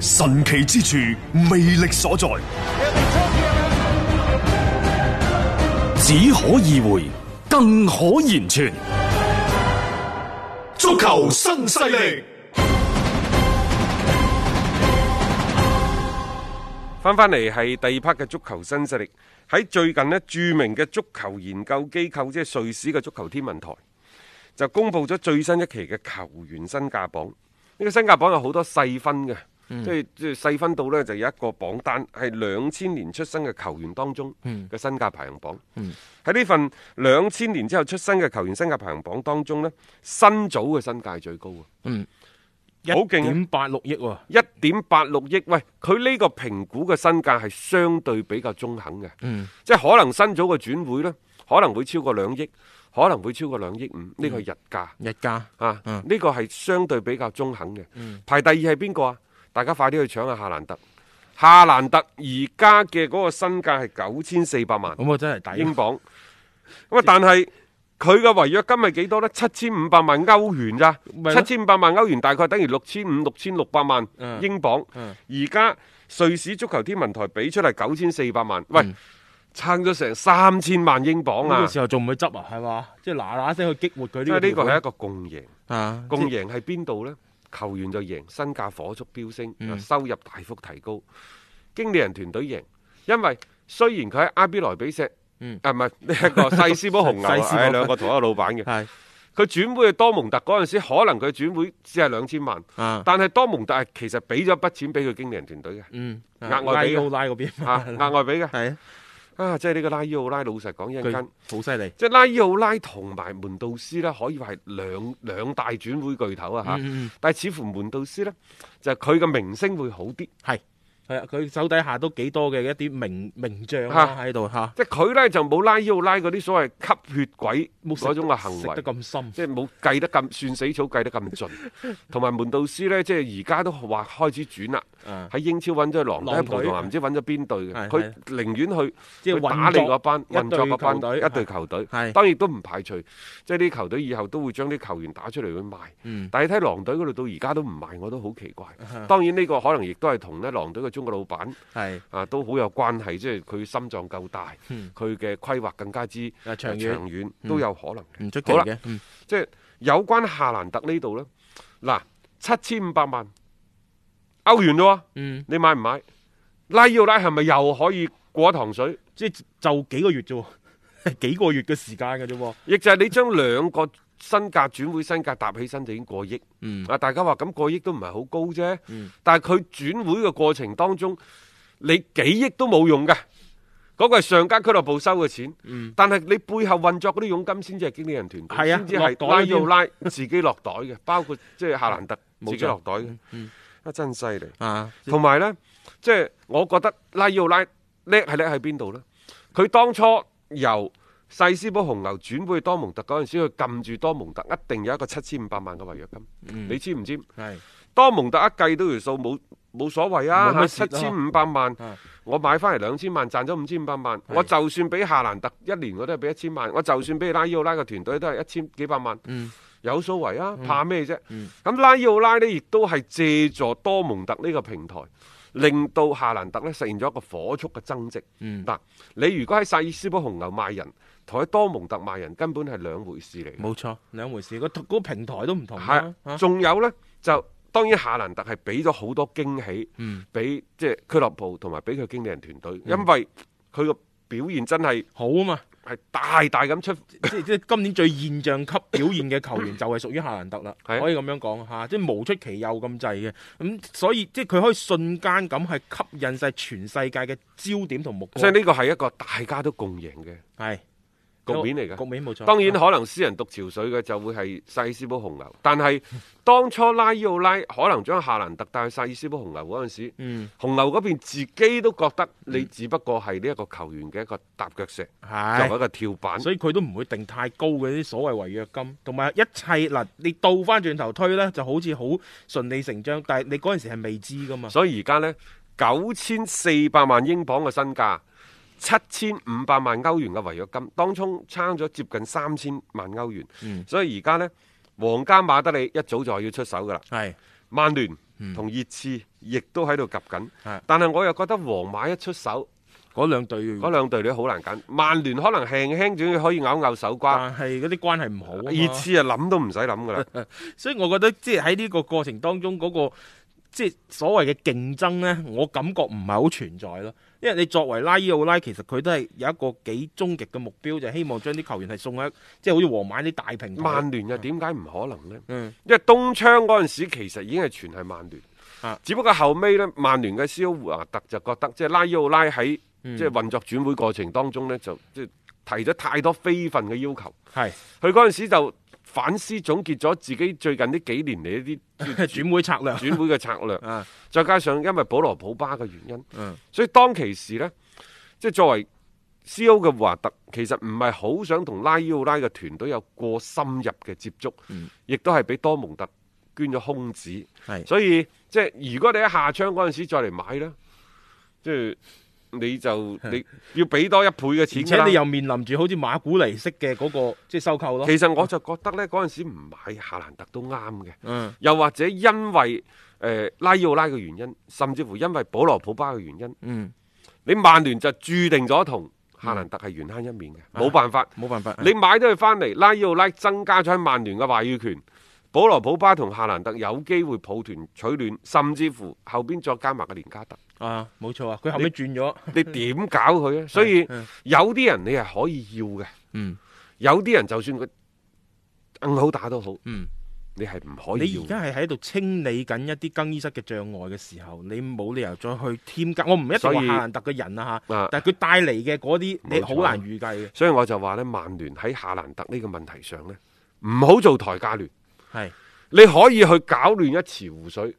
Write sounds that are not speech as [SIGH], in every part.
神奇之處，魅力所在，只可意會，更可言傳。足球新勢力，翻翻嚟係第二 part 嘅足球新勢力。喺最近呢，著名嘅足球研究機構，即係瑞士嘅足球天文台，就公布咗最新一期嘅球員身價榜。呢、這個身價榜有好多細分嘅。即係即細分到呢，就有一個榜單係兩千年出生嘅球員當中嘅身價排行榜。喺呢、嗯嗯、份兩千年之後出生嘅球員身價排行榜當中呢，辛祖嘅身價最高、嗯、啊！嗯，好勁，一點八六億一點八六億。喂，佢呢個評估嘅身價係相對比較中肯嘅。嗯、即係可能辛祖嘅轉會呢可能會超過兩億，可能會超過兩億五。呢個係日價、嗯，日價、嗯、啊，呢、這個係相對比較中肯嘅。嗯、排第二係邊個啊？大家快啲去搶下夏蘭特。夏蘭特而家嘅嗰個身價係九千四百萬英。咁啊、嗯、真係抵。英鎊。咁啊，但係佢嘅違約金係幾多呢？七千五百萬歐元咋？七千五百萬歐元大概等於六千五六千六百萬英鎊。而家、嗯嗯、瑞士足球天文台俾出嚟，九千四百萬。喂，撐咗成三千萬英鎊啊！呢、嗯、嗰個時候仲唔去執啊？係嘛？即係嗱嗱聲去激活佢。即係呢個係一個共贏。共贏係邊度呢？嗯球員就贏，身價火速飆升，收入大幅提高。嗯、經理人團隊贏，因為雖然佢喺阿比萊比錫，嗯、啊唔係呢一個西斯堡紅牛係兩個同一個老闆嘅，佢轉會去多蒙特嗰陣時，可能佢轉會只係兩千萬，啊、但係多蒙特係其實俾咗一筆錢俾佢經理人團隊嘅，額、嗯、外俾高拉嗰邊，額外俾嘅係啊。啊！即係呢個拉伊奧拉，老實講，一間好犀利。即係拉伊奧拉同埋門道斯咧，可以話係兩兩大轉會巨頭啊！嚇、嗯嗯，但係似乎門道斯咧，就係佢嘅名聲會好啲，係。係啊，佢手底下都幾多嘅一啲名名將喺度嚇，即係佢拉就冇拉腰拉嗰啲所謂吸血鬼嗰種嘅行為，食得咁深，即係冇計得咁算死草計得咁盡。同埋門道斯咧，即係而家都話開始轉啦，喺英超揾咗狼隊喺葡萄牙唔知揾咗邊隊嘅，佢寧願去去打你嗰班運作嗰班一隊球隊，當然都唔排除即係啲球隊以後都會將啲球員打出嚟去賣。但係睇狼隊嗰度到而家都唔賣，我都好奇怪。當然呢個可能亦都係同呢狼隊嘅。中國老闆係是啊，都好有關係，即係佢心臟夠大，佢嘅規劃更加之長遠，都有可能唔出奇嘅。吧嗯、即係有關夏蘭特呢度咧，嗱七千五百萬歐元啫。嗯，你買唔買？拉奧拉係咪又可以過一堂水？即係就幾個月啫，幾個月嘅時間嘅啫，亦就係你將兩個。身價轉會身價搭起身就已經過億，啊！大家話咁過億都唔係好高啫，但係佢轉會嘅過程當中，你幾億都冇用嘅，嗰個係上家俱樂部收嘅錢，但係你背後運作嗰啲佣金先至係經理人團隊，先至係拉奧拉自己落袋嘅，包括即係夏蘭特自己落袋嘅，啊，真犀利！啊，同埋咧，即係我覺得拉奧拉叻係叻喺邊度咧？佢當初由細斯波紅牛轉會去多蒙特嗰陣時，佢撳住多蒙特一定有一個七千五百萬嘅違約金，你知唔知？係多蒙特一計到條數冇冇所謂啊！七千五百萬，我買翻嚟兩千萬，賺咗五千五百萬。我就算俾夏蘭特一年，我都係俾一千萬。我就算俾拉伊奧拉嘅團隊都係一千幾百萬，有數為啊！怕咩啫？咁拉伊奧拉呢，亦都係借助多蒙特呢個平台，令到夏蘭特呢實現咗一個火速嘅增值。嗱，你如果喺細斯波紅牛賣人，台多蒙特賣人根本係兩回事嚟，冇錯，兩回事，個個平台都唔同啦。仲是、啊、有咧，就當然夏蘭特係俾咗好多驚喜，嗯，俾即係俱樂部同埋俾佢經理人團隊，嗯、因為佢個表現真係好啊嘛，係、嗯、大大咁出，即係即今年最現象級表現嘅球員就係屬於夏蘭特啦，啊、可以咁樣講吓、啊，即係無出其右咁滯嘅。咁、嗯、所以即係佢可以瞬間咁係吸引晒全世界嘅焦點同目光，所以呢個係一個大家都共贏嘅，係。局面嚟噶，局面冇錯。當然可能私人讀潮水嘅就會係薩爾斯堡紅牛，但係當初拉伊奧拉可能將夏蘭特帶去薩爾斯堡紅牛嗰陣時，嗯、紅牛嗰邊自己都覺得你只不過係呢一個球員嘅一個踏腳石，作為、嗯、一個跳板，所以佢都唔會定太高嘅啲所謂違約金，同埋一切嗱、啊，你倒翻轉頭推咧，就好似好順理成章，但係你嗰陣時係未知噶嘛。所以而家咧，九千四百萬英鎊嘅身價。七千五百萬歐元嘅違約金，當中差咗接近三千萬歐元，嗯、所以而家呢，皇家馬德里一早就要出手噶啦。係是，曼聯同熱刺亦都喺度夾緊。是但係我又覺得皇馬一出手，嗰兩隊嗰兩隊都好難揀。曼聯可能輕輕仲要可以咬咬手瓜，但係嗰啲關係唔好。熱刺啊諗都唔使諗噶啦。 [LAUGHS] 所以我覺得即係喺呢個過程當中嗰、那個。即係所謂嘅競爭呢，我感覺唔係好存在咯。因為你作為拉伊奧拉，其實佢都係有一個幾終極嘅目標，就係、希望將啲球員係送去，即、就、係、是、好似皇馬啲大平台。曼聯又點解唔可能呢？嗯、因為東窗嗰陣時其實已經係全係曼聯，啊、只不過後尾呢，曼聯嘅肖胡亞特就覺得即係拉伊奧拉喺即係運作轉會過程當中呢，就即係提咗太多非分嘅要求。係是，佢嗰陣時就。反思總結咗自己最近呢幾年嚟一啲轉會策略，轉會嘅策略。 [LAUGHS] 再加上因為保羅普巴嘅原因， [LAUGHS] 嗯、所以當其時呢，即係作為 C.O. 嘅華特，其實唔係好想同拉伊奧拉嘅團隊有過深入嘅接觸，嗯、亦都係俾多蒙特捐咗空子。係，是的 所以即係如果你喺下窗嗰陣時再嚟買呢，即係。你就你要俾多一倍嘅錢，而且你又面臨住好似馬古尼式嘅嗰、那個即係、就是、收購咯。其實我就覺得呢嗰陣時唔買夏蘭特都啱嘅。嗯、又或者因為、呃、拉伊奧拉嘅原因，甚至乎因為保羅普巴嘅原因。嗯，你曼聯就註定咗同夏蘭特係冤家一面嘅，冇、嗯、辦法，冇、啊、辦法。嗯、你買咗佢翻嚟，拉伊奧拉增加咗喺曼聯嘅話語權，保羅普巴同夏蘭特有機會抱團取暖，甚至乎後邊再加埋個連加特。啊，冇錯啊！佢後尾轉咗，你點搞佢啊？所以有啲人你係可以要嘅，嗯，有啲人就算佢更好打都好，嗯，你係唔可以。你而家係喺度清理緊一啲更衣室嘅障礙嘅時候，你冇理由再去添加。我唔一定話夏蘭特嘅人啊吓，但係佢帶嚟嘅嗰啲你好難預計嘅。所以我就話咧，曼聯喺夏蘭特呢個問題上咧，唔好做台價亂，係你可以去搞亂一池湖水。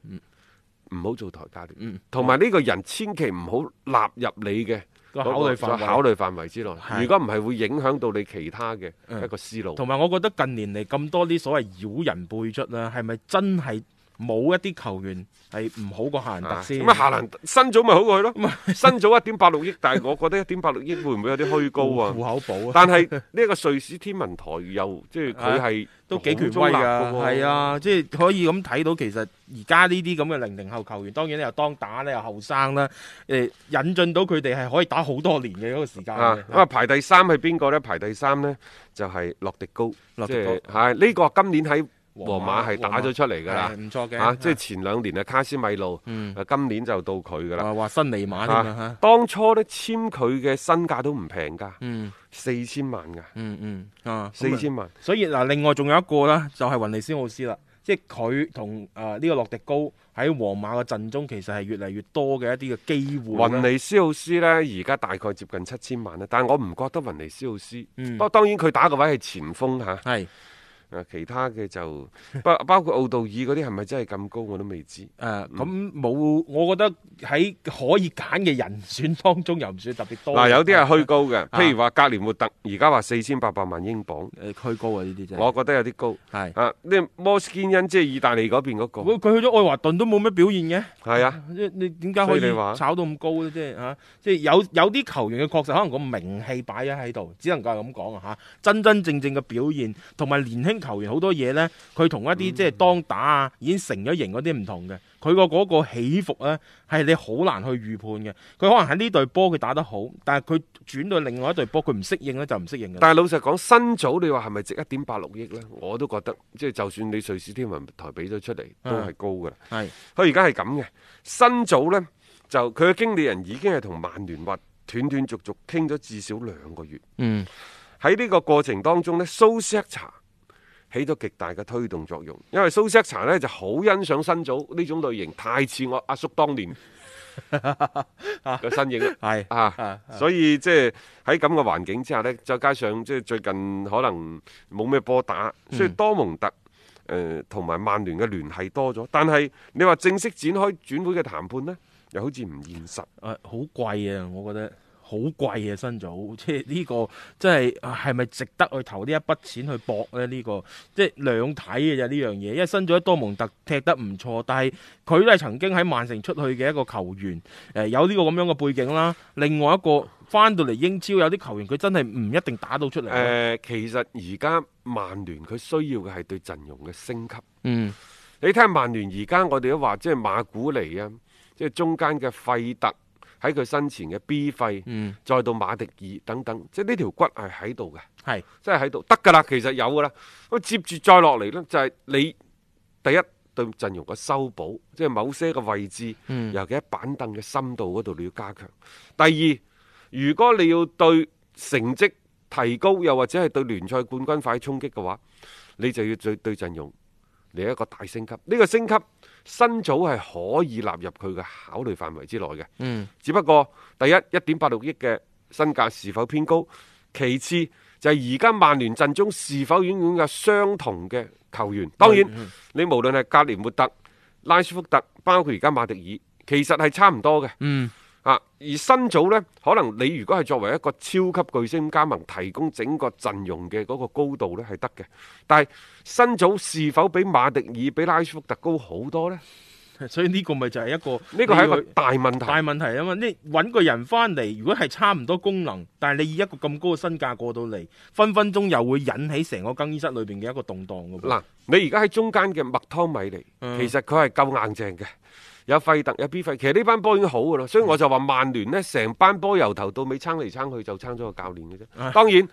唔好做台家，嗯，同埋呢個人千祈唔好納入你嘅嗰個考慮範圍之內。如果唔係，會影響到你其他嘅一個思路。同埋、嗯嗯、我覺得近年嚟咁多啲所謂妖人輩出啦，係咪真係？冇一啲球員係唔好過夏蘭達先。咁啊，夏蘭新組咪好過去咯。新組一點八六億，但係我覺得一點八六億會唔會有啲虛高啊？戶口簿。但係呢一個瑞士天文台又即係佢係都幾權威噶。係啊，即係可以咁睇到，其實而家呢啲咁嘅零零後球員，當然咧又當打咧又後生啦。誒，引進到佢哋係可以打好多年嘅嗰個時間。咁啊，排第三係邊個咧？排第三咧就係洛迪高，洛迪高，係呢個今年喺。皇馬係打咗出嚟噶，唔錯嘅，即係前兩年啊卡斯米路，啊今年就到佢噶啦，哇新尼馬啊，當初咧簽佢嘅身價都唔平噶，四千萬噶，嗯嗯啊四千萬，所以嗱另外仲有一個咧就係雲尼斯奧斯啦，即係佢同誒呢個洛迪高喺皇馬嘅陣中，其實係越嚟越多嘅一啲嘅機會。雲尼斯奧斯咧而家大概接近七千萬啦，但係我唔覺得雲尼斯奧斯，不過當然佢打個位係前鋒吓。啊！其他嘅就不包括奧杜爾嗰啲，係咪真係咁高我都未知。誒咁冇，我覺得喺可以揀嘅人選當中，又唔算特別多。嗱、啊，有啲係虛高嘅，譬如話格連活特，而家話四千八百萬英鎊，誒虛高啊！呢啲真。我覺得有啲高。係是。誒、啊，啲摩斯基恩即係意大利嗰邊嗰、那個。佢去咗愛華頓都冇咩表現嘅。係呀啊，你點解可以炒到咁高咧、啊啊？即係嚇，即係有有啲球員嘅確實可能個名氣擺咗喺度，只能夠係咁講啊！真真正正嘅表現同埋年輕。啊啊啊啊啊啊啊球員好多嘢呢，佢同一啲即係當打啊，已經成咗型嗰啲唔同嘅，佢個嗰個起伏呢，係你好難去預判嘅。佢可能喺呢隊波佢打得好，但係佢轉到另外一隊波佢唔適應呢就唔適應嘅。但係老實講，新組你話係咪值一點八六億呢，我都覺得，即係就算你瑞士天文台俾咗出嚟都係高噶啦。係佢而家係咁嘅，新組呢，就佢嘅經理人已經係同曼聯話斷斷續續傾咗至少兩個月。嗯，喺呢個過程當中呢。蘇斯克查起到極大嘅推動作用，因為蘇茜茶咧就好欣賞新組呢種類型，太似我阿叔當年嘅身影，係啊，所以即係喺咁嘅環境之下呢，再加上即係最近可能冇咩波打，所以多蒙特誒同埋曼聯嘅聯繫多咗，但係你話正式展開轉會嘅談判呢，又好似唔現實，啊，誒、啊、好貴啊，我覺得。好貴啊，新組，即係呢個，即係係咪值得去投呢一筆錢去搏呢？呢、呢個即係兩睇嘅咋呢樣嘢，因為新組多蒙特踢得唔錯，但係佢都係曾經喺曼城出去嘅一個球員，誒、呃、有呢個咁樣嘅背景啦。另外一個翻到嚟英超有啲球員，佢真係唔一定打到出嚟。誒、呃，其實而家曼聯佢需要嘅係對陣容嘅升級。嗯，你睇下曼聯而家，我哋都話即係馬古尼啊，即係中間嘅費特。喺佢身前嘅 B 費，嗯、再到馬迪爾等等，即係呢條骨係喺度嘅，係即係喺度得㗎啦。其實有㗎啦。咁接住再落嚟呢，就係你第一對陣容嘅修補，即係某些個位置，嗯、尤其喺板凳嘅深度嗰度你要加強。第二，如果你要對成績提高，又或者係對聯賽冠軍快啲衝擊嘅話，你就要對對陣容嚟一個大升級。呢、呢個升級。新組係可以納入佢嘅考慮範圍之內嘅，嗯，只不過第一一點八六億嘅身價是否偏高？其次就係而家曼聯陣中是否擁有相同嘅球員？當然，你無論係格連活特、拉舒福特，包括而家馬迪爾，其實係差唔多嘅，嗯。啊、而新組呢，可能你如果係作為一個超級巨星加盟，提供整個陣容嘅嗰個高度呢係得嘅。但係新組是否比馬迪爾、比拉舒福特高好多呢？所以呢個咪就係一個呢個係一個、這個、大問題。大問題啊嘛！你揾個人翻嚟，如果係差唔多功能，但係你以一個咁高嘅身價過到嚟，分分鐘又會引起成個更衣室裏邊嘅一個動盪嗱、啊，你而家喺中間嘅麥湯米尼，嗯、其實佢係夠硬淨嘅。有費特有 B 費，其實呢班波已經好噶啦，所以我就話曼聯呢成班波由頭到尾撐嚟撐去就撐咗個教練嘅啫。當然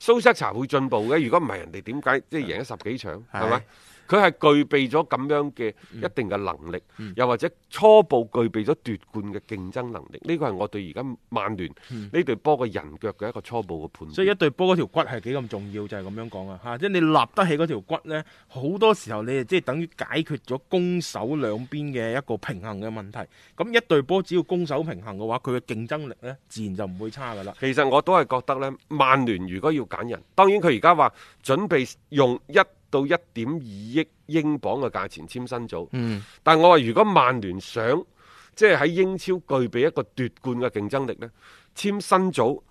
蘇瑟查會進步嘅，如果唔係人哋點解即係贏咗十幾場，係咪的？佢係具備咗咁樣嘅一定嘅能力，嗯嗯、又或者初步具備咗奪冠嘅競爭能力。呢、這個係我對而家曼聯呢隊波嘅人腳嘅一個初步嘅判斷。所以一隊波嗰條骨係幾咁重要，就係咁樣講啊！嚇，即係你立得起嗰條骨呢，好多時候你即係等於解決咗攻守兩邊嘅一個平衡嘅問題。咁一隊波只要攻守平衡嘅話，佢嘅競爭力咧自然就唔會差噶啦。其實我都係覺得呢，曼聯如果要揀人，當然佢而家話準備用一。1 到一點二億英鎊嘅價錢簽新組，嗯、但我話如果曼聯想即係喺英超具備一個奪冠嘅競爭力呢，簽新組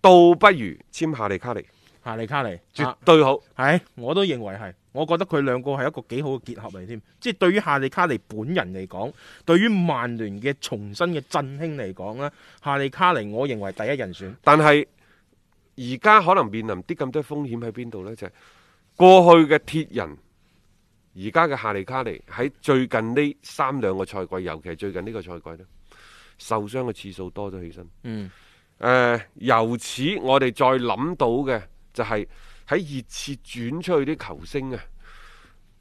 倒不如簽夏利卡尼。夏利卡尼絕對好，係、啊、我都認為係，我覺得佢兩個係一個幾好嘅結合嚟添。即係對於夏利卡尼本人嚟講，對於曼聯嘅重新嘅振興嚟講咧，夏利卡尼我認為第一人選。但係而家可能面臨啲咁多風險喺邊度呢？就係、是過去嘅鐵人，而家嘅夏利卡尼喺最近呢三兩個賽季，尤其最近呢個賽季咧，受傷嘅次數多咗起身。嗯，誒、呃，由此我哋再諗到嘅就係喺熱刺轉出去啲球星啊。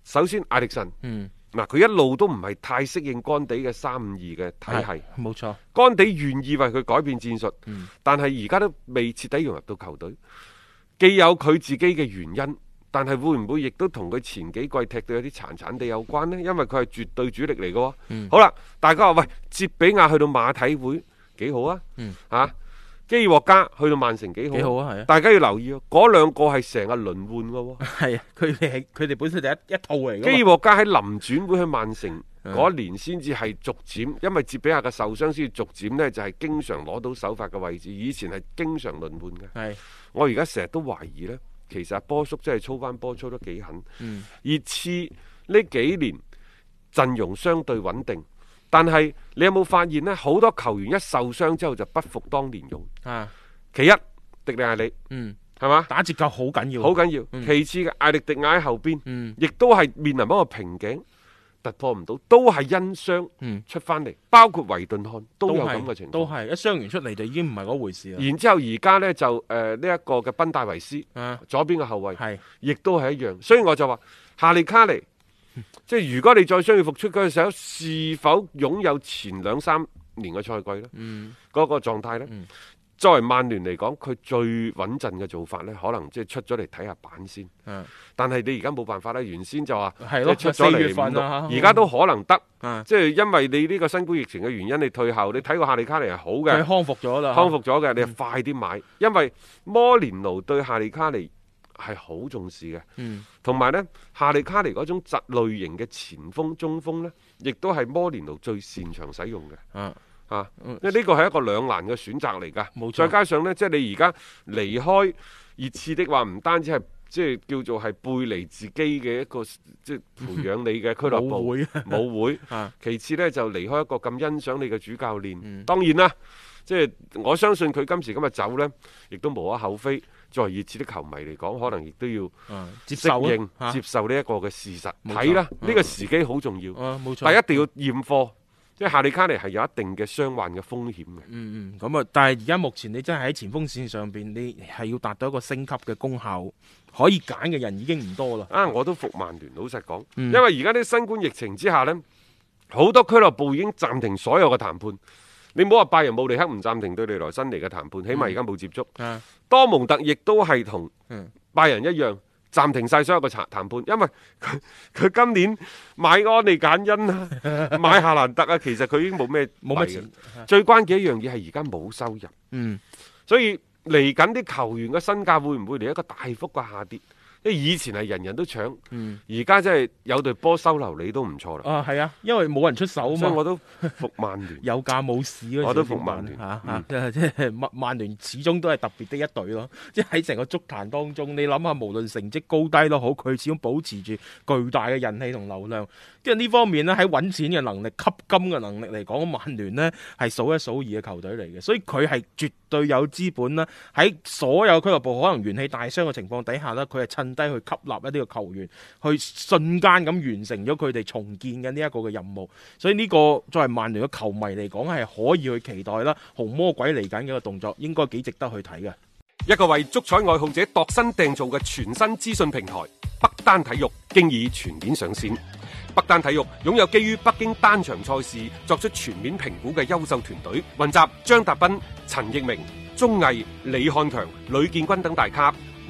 首先，艾力臣，嗯，嗱、啊，佢一路都唔係太適應干地嘅三五二嘅體系，冇錯、啊。干地願意為佢改變戰術，嗯、但係而家都未徹底融入到球隊，既有佢自己嘅原因。但係會唔會亦都同佢前幾季踢到有啲殘殘地有關呢？因為佢係絕對主力嚟嘅、哦。嗯，好啦，大家話喂，捷比亞去到馬體會幾好啊？嗯，嚇、啊，基爾獲加去到曼城幾好？幾好、啊、大家要留意、哦、啊，嗰兩個係成日輪換嘅喎。係啊，佢哋係佢哋本身就一一套嚟嘅。基爾獲加喺臨轉會去曼城嗰、啊、年先至係逐漸，因為捷比亞嘅受傷先逐漸呢，就係、是、經常攞到首發嘅位置。以前係經常輪換嘅。係的，是我而家成日都懷疑呢。其實波叔真係操翻波操得幾狠，嗯、熱刺呢幾年陣容相對穩定，但係你有冇發現呢？好多球員一受傷之後就不復當年勇。啊，其一迪利亞里，嗯，係嘛吧打折扣好緊要，好緊要。嗯、其次嘅艾力迪亞喺後邊，亦、嗯、都係面臨一個瓶頸。突破唔到，都係因傷出翻嚟，嗯、包括維頓漢都有咁嘅情況。都係一傷完出嚟就已經唔係嗰回事啦。然之後而家呢，就誒呢一個嘅賓戴維斯、啊、左邊嘅後衞，是亦都係一樣。所以我就話夏利卡尼，嗯、即係如果你再傷愈復出嗰陣時候，是否擁有前兩三年嘅賽季咧？嗰、嗯、個狀態咧？嗯作為曼聯嚟講，佢最穩陣嘅做法呢，可能即係出咗嚟睇下板先。的但係你而家冇辦法啦，原先就話、是、係的出咗嚟而家都可能得。即係的因為你呢個新冠疫情嘅原因，你退後，你睇過夏利卡尼係好嘅。佢康復咗啦。康復咗嘅，的你快啲買，的因為摩連奴對夏利卡尼係好重視嘅。同埋的、嗯、呢，夏利卡尼嗰種疾類型嘅前鋒、中鋒呢，亦都係摩連奴最擅長使用嘅。嗯啊，因呢個係一個兩難嘅選擇嚟㗎，再加上呢，即係你而家離開熱刺的話，唔單止係即係叫做係背離自己嘅一個即係培養你嘅俱樂部，舞會，其次呢，就離開一個咁欣賞你嘅主教練，當然啦，即係我相信佢今時今日走呢，亦都無可厚非。作為熱刺的球迷嚟講，可能亦都要接受，接受呢一個嘅事實。睇啦，呢個時機好重要，但一定要驗貨。即係哈利卡尼係有一定嘅傷患嘅風險嘅、嗯。嗯嗯，咁啊，但係而家目前你真係喺前鋒線上邊，你係要達到一個升級嘅功效，可以揀嘅人已經唔多啦。啊，我都服曼聯，老實講，因為而家啲新冠疫情之下呢，好、嗯、多俱樂部已經暫停所有嘅談判。你唔好話拜仁慕尼黑唔暫停對利萊辛尼嘅談判，起碼而家冇接觸。嗯、多蒙特亦都係同拜仁一樣。嗯嗯，暫停晒所有嘅談判，因為佢佢今年買安利簡恩啊， [LAUGHS] 買夏蘭特啊，其實佢已經冇咩冇乜錢，最關鍵一樣嘢係而家冇收入，嗯，所以嚟緊啲球員嘅身價會唔會嚟一個大幅嘅下跌？啲以前係人人都搶，而家真係有隊波收留你都唔錯啦。啊，係啊，因為冇人出手啊嘛。所以我都服曼聯。 [LAUGHS] 有價冇市嗰陣時我都服曼聯嚇，即係曼曼聯始終都係特別的一隊咯。即係喺成個足壇當中，你諗下，無論成績高低都好，佢始終保持住巨大嘅人氣同流量。因為呢方面咧，喺揾錢嘅能力、吸金嘅能力嚟講，曼聯呢係數一數二嘅球隊嚟嘅，所以佢係絕對有資本啦。喺所有俱樂部可能元氣大傷嘅情況底下呢，佢係趁低去吸納一啲嘅球員，去瞬間咁完成咗佢哋重建嘅呢一個嘅任務，所以呢個作為曼聯嘅球迷嚟講，係可以去期待啦。紅魔鬼嚟緊嘅一個動作，應該幾值得去睇嘅。一個為足彩愛好者度身訂造嘅全新資訊平台——北單體育，經已全面上線。北單體育擁有基於北京單場賽事作出全面評估嘅優秀團隊，雲集張達斌、陳奕明、鍾毅、李漢強、呂建軍等大咖。